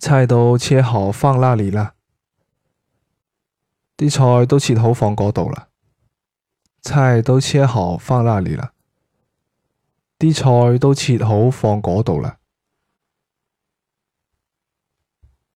菜都切好放那裏啦，啲菜都切好放嗰度啦。菜都切好放那裏啦，啲菜都切好放嗰度啦。